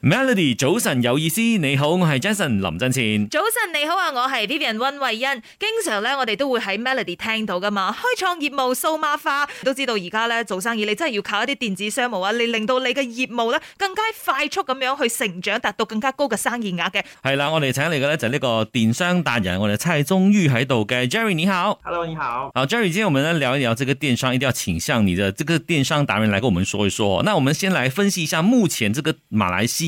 Melody 早晨有意思，你好，我係 Jason 林振前。早晨你好啊，我係 Vivian 溫慧欣。經常咧，我哋都會喺 Melody 聽到噶嘛，開創業務數碼化，都知道而家咧做生意，你真係要靠一啲電子商務啊，你令到你嘅業務咧更加快速咁樣去成長，達到更加高嘅生意額嘅。係啦，我哋請嚟嘅咧就係呢個電商達人，我哋猜終於喺度嘅 Jerry 你好。Hello 你好。好 Jerry，今日我哋咧聊一聊，呢個電商一定要請向你的這個電商達人嚟跟我們說一說。那我們先嚟分析一下目前這個馬來西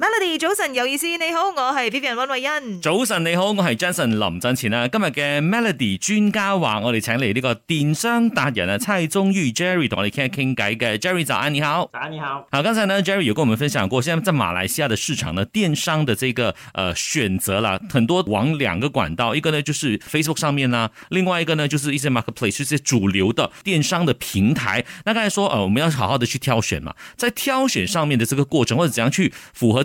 Melody 早晨有意思，你好，我是 B B 人溫慧恩。早晨你好，我係 Jason 林振前啦。今日嘅 Melody 專家話，我哋請嚟呢個電商達人啊，蔡宗裕 Jerry 同我哋齊傾一傾，嘅 Jerry 早安你好，早安你好。好，剛才呢 Jerry 有跟我們分享過，現在在馬來西亞的市場呢，電商的這個，誒、呃，選擇啦很多，往兩個管道，一個呢就是 Facebook 上面呢、啊、另外一個呢就是一些 Marketplace，是一些主流的電商的平台。那剛才說，誒、呃，我們要好好的去挑選嘛，在挑選上面的這個過程，或者怎樣去符合，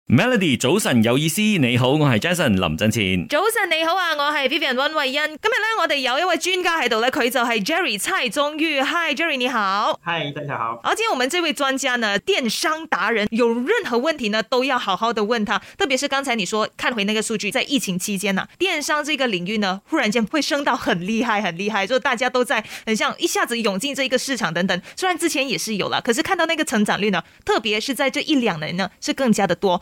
Melody，早晨有意思，你好，我是 Jason 林振前。早晨你好啊，我是 Vivian 溫慧欣。今日呢，我哋有一位專家喺度咧，佢就係 Jerry 蔡宗玉。Hi Jerry，你好。Hi，大家好。而且我們這位專家呢，電商達人，有任何問題呢，都要好好的問他。特別是剛才你說看回那個數據，在疫情期間呢、啊，電商這個領域呢，忽然間會升到很厲害，很厲害，就大家都在，很像一下子湧進這一個市場等等。雖然之前也是有了，可是看到那個成長率呢，特別是在這一兩年呢，是更加的多。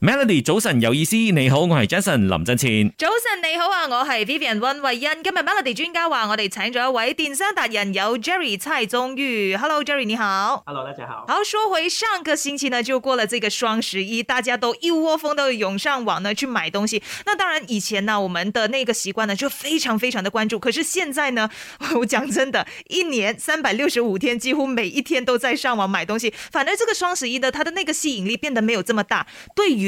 Melody 早晨有意思，你好，我係 Jason 林振前。早晨你好啊，我係 Vivian 温慧欣。今日 Melody 專家話，我哋請咗一位電商達人，有 Jerry 蔡宗裕。Hello Jerry 你好，Hello 大家好。好，說回上個星期呢，就過了這個雙十一，大家都一窩蜂都湧上網呢去買東西。那當然以前呢、啊，我們的那個習慣呢，就非常非常的關注。可是現在呢，我講真的一年三百六十五天，幾乎每一天都在上網買東西。反而這個雙十一呢，它的那個吸引力變得沒有這麼大。對於